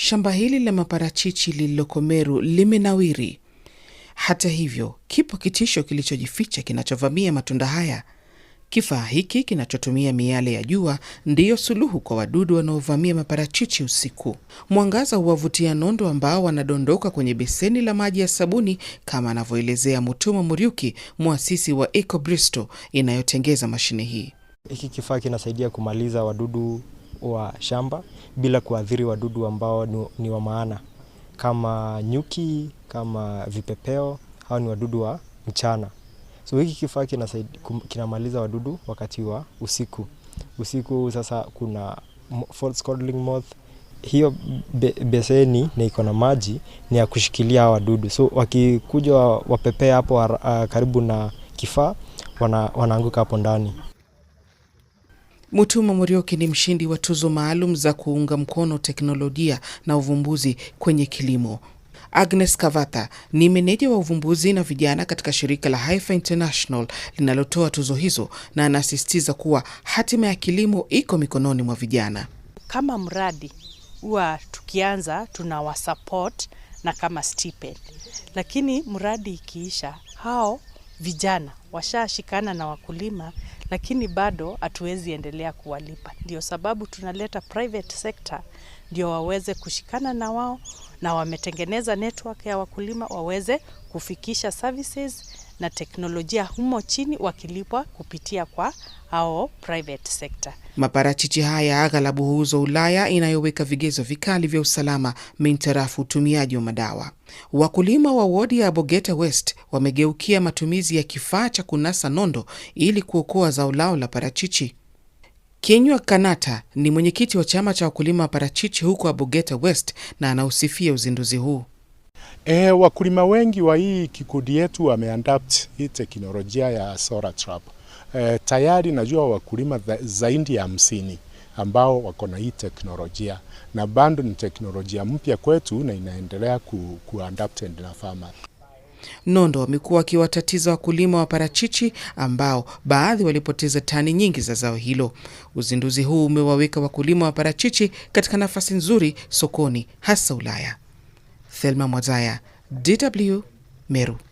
Shamba hili la maparachichi lililoko Meru limenawiri. Hata hivyo, kipo kitisho kilichojificha kinachovamia matunda haya. Kifaa hiki kinachotumia miale ya jua ndiyo suluhu kwa wadudu wanaovamia maparachichi usiku. Mwangaza huwavutia nondo ambao wanadondoka kwenye beseni la maji ya sabuni, kama anavyoelezea Mutuma Muriuki, mwasisi wa Ecobristo inayotengeza mashine hii. Hiki kifaa kinasaidia kumaliza wadudu wa shamba bila kuathiri wadudu ambao ni wa maana kama nyuki, kama vipepeo. Hao ni wadudu wa mchana. So hiki kifaa kinamaliza wadudu wakati wa usiku. Usiku sasa kuna false codling moth hiyo be, beseni na iko na maji ni ya kushikilia hawa wadudu, so wakikuja wapepea hapo ah, karibu na kifaa, wanaanguka hapo ndani. Mutuma Murioki ni mshindi wa tuzo maalum za kuunga mkono teknolojia na uvumbuzi kwenye kilimo. Agnes Kavatha ni meneja wa uvumbuzi na vijana katika shirika la Haifa International linalotoa tuzo hizo, na anasisitiza kuwa hatima ya kilimo iko mikononi mwa vijana. Kama mradi huwa tukianza tunawasupport na kama stipend, lakini mradi ikiisha hao vijana washashikana na wakulima lakini bado hatuwezi endelea kuwalipa. Ndio sababu tunaleta private sector ndio waweze kushikana na wao, na wametengeneza network ya wakulima waweze kufikisha services na teknolojia humo chini wakilipwa kupitia kwa au private sector. Maparachichi haya aghalabu huuzwa Ulaya inayoweka vigezo vikali vya usalama mintarafu utumiaji wa madawa. Wakulima wa wodi ya Bogeta West wamegeukia matumizi ya kifaa cha kunasa nondo ili kuokoa zao lao la parachichi. Kinywa Kanata ni mwenyekiti wa chama cha wakulima wa parachichi huko Abogeta West na anausifia uzinduzi huu. E, wakulima wengi wa hii kikundi yetu wameadapt hii teknolojia ya solar trap. E, tayari najua wakulima zaidi ya hamsini ambao wako na hii teknolojia na bado ni teknolojia mpya kwetu na inaendelea ku, ku na farmer. Nondo wamekuwa wakiwatatiza wakulima wa parachichi ambao baadhi walipoteza tani nyingi za zao hilo. Uzinduzi huu umewaweka wakulima wa parachichi katika nafasi nzuri sokoni hasa Ulaya. सेलमा मजाया डिडब्ल्यु मेरो